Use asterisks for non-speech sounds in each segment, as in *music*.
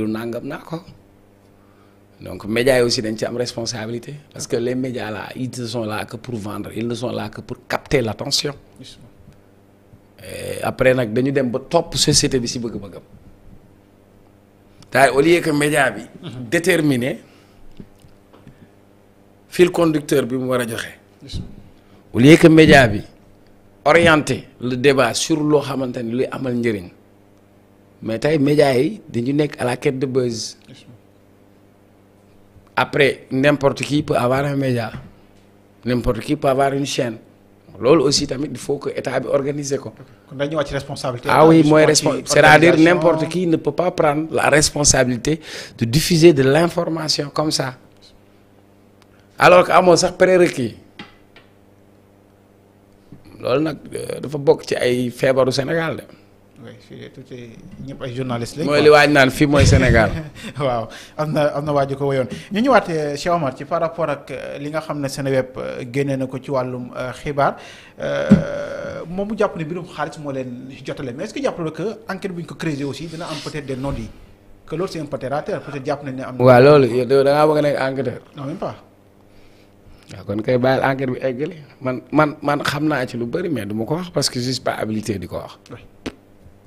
yu nangam naa ko donc médias yi aussi dañ ci am responsabilité parce que les médias là ils ne sont là que pour vendre ils ne sont là que pour capter l'attention après nag dañu dem ba topp société bi si bëgg-bëggam daal au lieu que média bi déterminer fil conducteur bi mu war a joxe au lieu que média bi orienté le débat sur loo xamante ni luy amal njëriñ mais tey médias yi dañu nekk à la quête de buzz. après n'importe qui peut avoir un média n'importe qui peut avoir une chaîne loolu aussi tamit il faut que état bi organiser ko. kon dañu ñëwaat ci responsabilité. ah oui mooy responsabilité c'est-à-dire n'importe qui ne peut pas prendre la responsabilité de diffuser de l'information comme ça alors que amoo sax prérequis loolu nag euh, dafa bokk ci ay feebaru Sénégal de. oui fii tout ñëpp ay journaliste lañ. mooy li waaj naan fii mooy Sénégal. *laughs* waaw am na am na waaj ko wéyoon ñu ñëwaat euh, Cheikh Omar ci par rapport ak euh, li nga xam ne Seneweb euh, génnee na ko ci wàllum xibaar moom mu jàpp ne mbirum xaalis moo leen jotale mais est-ce que jàpp na que enquête bu ñu ko creuser aussi dina am peut-être que loolu c'est bëgg a nekk enquêteur. kon kay bàyyil enquête bi eggale man man man xam naa ci lu bari mais du ko wax parce que je suis pas habilité di ko wax.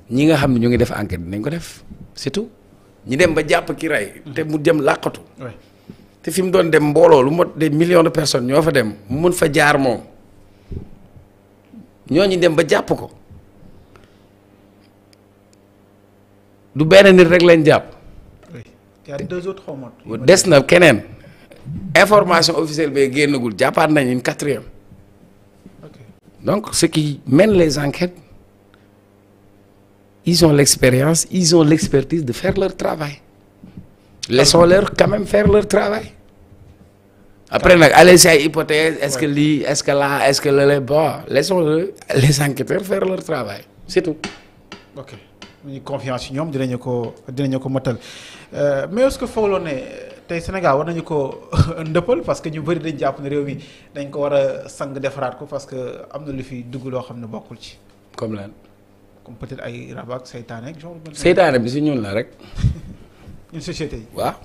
ñi nga xam ne ñu ngi def enquête dinañ ko def c'est tout ñu dem ba jàpp ki rey. te mu jëm làqatu. te fi mu doon dem mbooloo lu mot des millions de personnes ñoo fa dem mu mun fa jaar moom ñooñu dem ba jàpp ko du benn nit rek lañ jàpp. a deux autres xawma des na keneen information officielle bee génnagul jàppaat nañ une quatrième. donc ce qui mène les enquêtes. ils ont l'expérience, ils ont l'expertise de faire leur travail. Laissons-leur quand même faire leur travail. Après, nag allez si ay hypothèse est-ce que lii est-ce que là est-ce que lële bon laissons-le les enquêteurs faire leur travail c'est tout. ok ñu confiance ci ñoom dinañu ko dinañu ko motal euh, mais est-ce que foog ne tey Sénégal war nañu ko *laughs* ndëppal parce que ñu bëri dañ jàpp ne réew mi dañ ko war a sang defaraat ko parce que am na lu fi dugg loo xam ne bokkul ci. comme peut-être ay rab ak seytaane ak seytaane bi si ñun la rek. *laughs* ñun société yi. waaw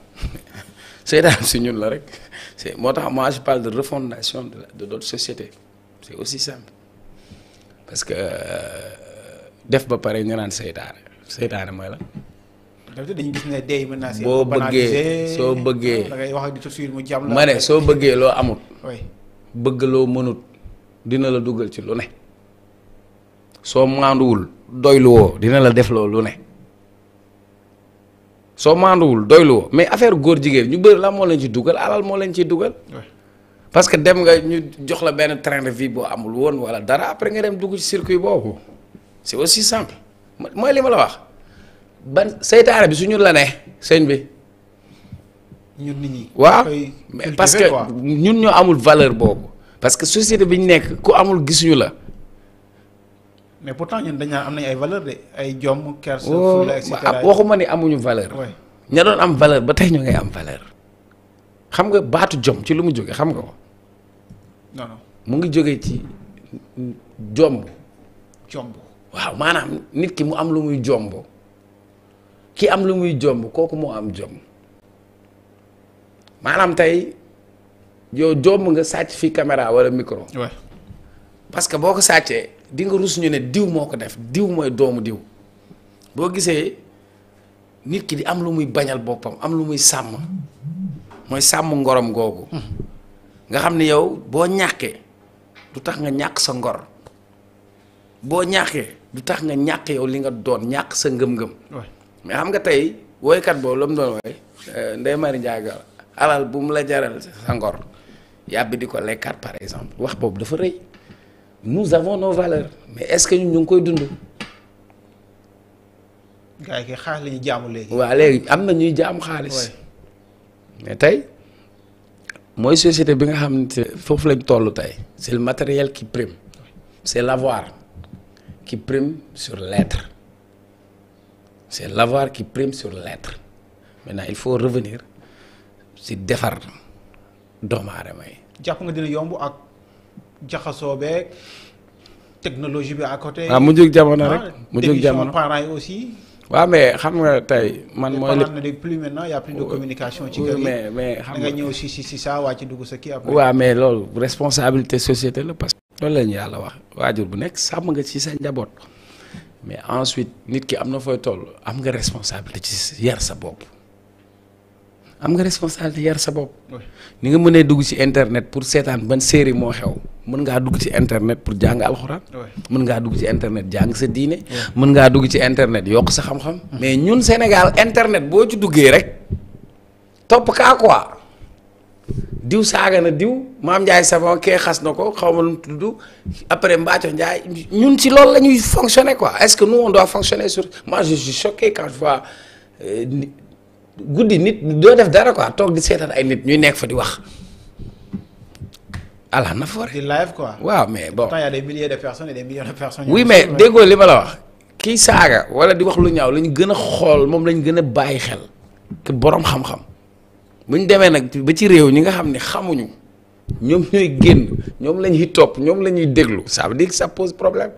*laughs* seytaane si ñun la rek c'est moo tax moi je parle de refondation de de notre société aussi simple parce que euh, def ba pare ñu naan seytaane seytaane mooy la. dañuy gis ne boo bëggee soo bëggee ah, wax mu jàmm ma ne soo bëggee loo amut. bëgg loo mënut dina la dugal ci lu ne. soo maanduwul doyluwoo dina la def loo lu ne soo maanduwul doyluwoo mais affaire góor jigéen ñu bëri la moo leen ci dugal alal moo leen ciy dugal. parce que dem nga ñu jox la benn train de vie boo amul woon wala dara après nga dem dugg ci circuit boobu c'est aussi simple mooy li ma la wax ban seytaane bi ñu la ne sëñ bi. ñun nit ñi. waaw parce que ñun ñoo amul valeur boobu. parce que société bi ñu nekk ku amul gisuñu la. mais pourtant ñun dañu am nañ ay valeur de ay jom kersa oh, ah, waxuma ni amuñu valeur. ña doon am valeur ba tey ñu ngay am valeur. xam nga baatu jom ci lu mu jóge xam nga ko. mu ngi jóge ci jomb. jomb waaw maanaam nit ki mu am lu muy jomb. ki am lu muy jomb kooku moo am jom maanaam tey yow jomb nga sàcc fi caméra wala micro. parce que boo ko sàccee. di nga rus ñu ne diw moo ko def diw mooy doomu diw boo gisee nit ki di am lu muy bañal boppam am lu muy sàmm mooy sàmm ngorom googu nga xam ne yow boo ñàkkee du tax nga ñàkk sa ngor boo ñàkkee du tax nga ñàkk yow li nga doon ñàkk sa ngëm-ngëm mais xam nga tey woykat boobu la mu doon woy euh, Ndeye Mari Ndiaga alal bu mu la jaral sa ngor yàbbi di ko lekkat par exemple wax boobu dafa rëy nous avons nos valeurs mais est-ce que ñun ñu ngi koy dund. gars yi xaalis la ñuy léegi. am na ñuy jaam xaalis. mais tey mooy société bi nga xam ne foofu lañ toll tey. c'est le matériel qui prime. c'est l'avoir qui prime sur l'être c'est l'avoir qui prime sur l'être maintenant il faut revenir si defar doomu aadama yi. nga dina yomb jaxasoo beeg technologie bi à côté. waaw ah, mu jóg jamono rek ah, mu jóg jamono parents yi aussi. waaw mais xam nga tey man. mooy li parents plus maintenant y ci kër mais mais xam nga ñëw si si si saa waa ci dugg sa kii après. waaw mais loolu responsabilité société la parce que. loolu la ñu yàlla wax waajur bu nekk sàmm nga ci sa njaboot. mais ensuite nit ki am na fooy toll am nga responsabilité ci yar sa bopp. am nga responsabilité yar sa bopp. ni nga mënee dugg ci internet pour seetaan ban série moo xew mën ngaa dugg ci internet pour jàng alxuraan. mën ngaa dugg ci internet jàng sa diine. mën ngaa dugg ci internet yokk sa xam-xam. mais ñun Sénégal internet boo ci duggee rek topp kaa quoi. diw saaga na diw maam Ndiaye savon kee xas na ko xaw ma lu mu tudd après Mbathio Ndiaye ñun ci loolu la ñuy fonctionner quoi est-ce que nous on doit fonctionner sur moi je suis choqué quand guddi nit doo def dara quoi toog di seetaan ay nit ñuy nekk fa di wax. ala na foore di live quoi. waaw mais bon pourtant y a des milliers de personnes et des millions mais déggoo li ma la wax. kii saaga wala di wax lu ñaaw lañ gën a xool moom lañu gën a bàyyi xel. te borom xam-xam. bu ñu demee nag ba ci réew ñi nga xam ne xamuñu ñoom ñooy génn ñoom la ñuy topp ñoom la ñuy déglu ça veut dire que pose problème.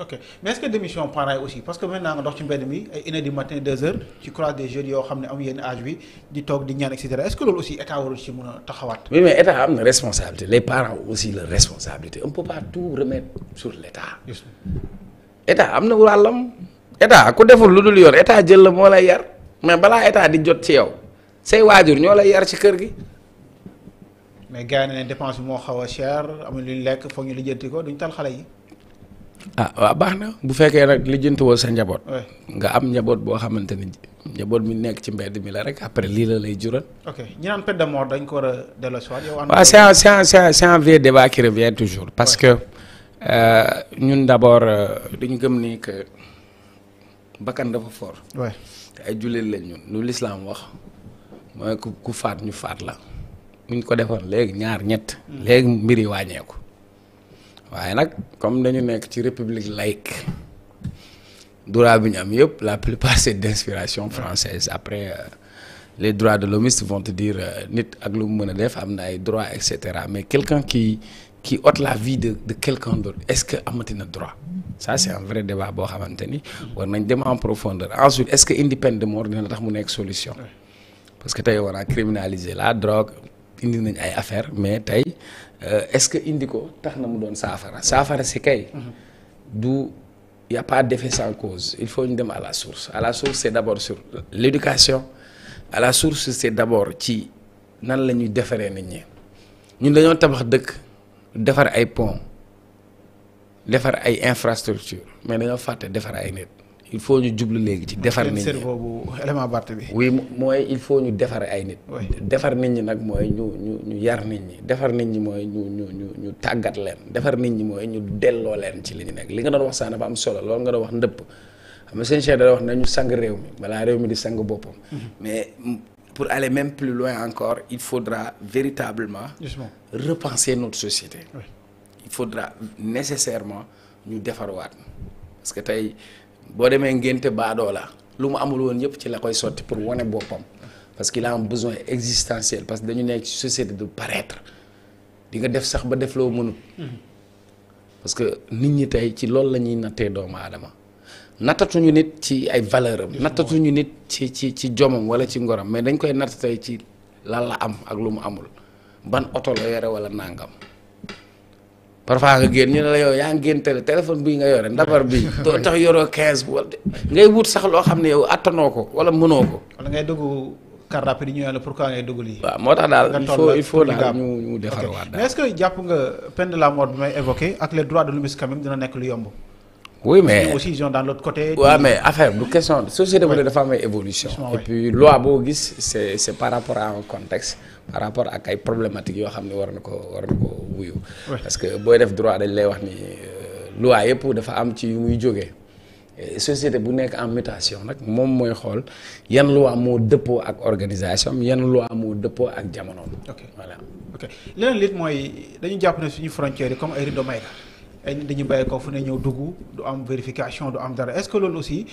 ok mais est-ce que démission pareil aussi parce que maintenant nga dox ci mbedd mi ay une heure du matin deux heures ci croise des jeunes yoo xam ne am yenn âge bi di toog di ñaan et cetera est-ce que loolu aussi état warul ci mën a taxawaat. oui mais état am na responsabilité les parents aussi la responsabilité on peut tout remettre sur l'état. état am na wàllam. état ku deful lu dul yor état jël la moo lay yar mais balaa état di jot ci yow say waajur ñoo lay yar ci kër gi. mais gars yi ne dépense bi moo xaw a cher lu lekk foog ñu lijjanti ko duñ tal xale yi. ah waaw baax na bu fekkee nag lijjanti woo sa njaboot. nga am njaboot boo xamante ni njaboot mi nekk ci mbedd mi la rek après lii la lay jural. ok ñi naan peine de mort dañ ko war a delloosiwaat yow. waaw c'est un c'est un c'est un c'est un vieux débat qui revient toujours. parce que euh, ñun d'abord euh, dañu gëm ni que bakkan dafa fort. waay te ay jullit lañ ñun lu lislaam wax mooy ku faat ñu faat la. mu buñ ko defoon léegi ñaar ñett. Hmm. léegi mbir yi wàññeeku. waaye nag comme dañu nekk ci république laïque droit bi ñu am yëpp la plupart c'est d'inspiration française après euh, les droits de l'hommiste vont te dire euh, nit ak lu mu mën a def am na ay droits et cetera mais quelqu'un qui qui ôte la vie de de quelqu'un d'autre est-ce que amatina droit ça c'est un vrai débat boo xamante ni war nañ dem en profondeur ensuite est-ce que indi peine de mort dina tax mu nekk solution parce que tey war a criminaliser la drogue indi nañu ay affaire mais tey euh, est-ce que indi ko tax na mu doon saafara saafara si kay du y a pas d'effet sans cause il faut ñu dem à la source à la source c'est d'abord sur l'éducation à la source c'est d'abord ci nan la ñuy defaree nit ñi ñun dañoo tabax dëkk defar ay pont defar ay infrastructure mais dañoo fàtte defar ay nit il faut ñu jublu léegi ci defar nit ñi boobu mooy il faut ñu defar ay nit. defar nit ñi nag mooy ñu ñu ñu yar nit ñi defar nit ñi mooy ñu ñu ñu ñu tàggat leen defar nit ñi mooy ñu delloo leen ci li ñu nekk li nga doon wax sax dafa am solo loolu nga doon wax ndëpp xam nga seen chef da wax nañu sang réew mi balaa réew mi di sang boppam. Mhm. mais pour aller même plus loin encore il faudra véritablement. Justement. repenser notre société. Oui. il faudra nécessairement ñu defarwaat parce que tey. boo demee ngénte baadoo la lu mu amul woon yëpp ci la koy sotti pour wane boppam parce qu'il a un besoin existentiel parce que dañu nekk ci société du paraître di nga def sax ba def loo mënul mm-hmm. parce que nit ñi tey ci loolu la ñuy nattee doomu aadama nattatuñu nit ci ay valeur am nattatuñu nit ci ci ci jomam wala ci ngoram mais dañ koy natt tey ci lan la am ak lu mu amul ban oto la yore wala nàngam parfois nga génn ñu ne la yow yaa ngi génn télé téléphone bii nga yore ndabar bii *laughs* doo tax yoroo 15 wala ngay wut sax loo xam ne yow attanoo ko wala mënoo ko. wala ngay dugg car rapide yi ñu ne la pourquoi ngay dugg lii. waaw moo tax daal il faut il daal ñu ñu defarwaat de la mort bi may ak les droits de l'homme quand même dina nekk lu yomb. oui mais aussi ils ont dans l'autre côté. waaw mais affaire du question société bi dafa am évolution et puis loi boo gis c'est par rapport à un par rapport ak ay problématiques yoo xam ne war na ko war na ko wuyu parce que booy def droit dañ lay wax ni euh, loi yëpp dafa am ci yu muy jógee société bu nekk en mutation nag moom mooy xool yan loi moo dëppoo ak organisation yan loi moo dëppoo ak jamono. ok voilà ok leneen lit mooy dañu jàpp na suñu frontières yi comme ay rido ay nit dañu bàyyi ko fu ne ñëw dugg du am verification du am dara est loolu aussi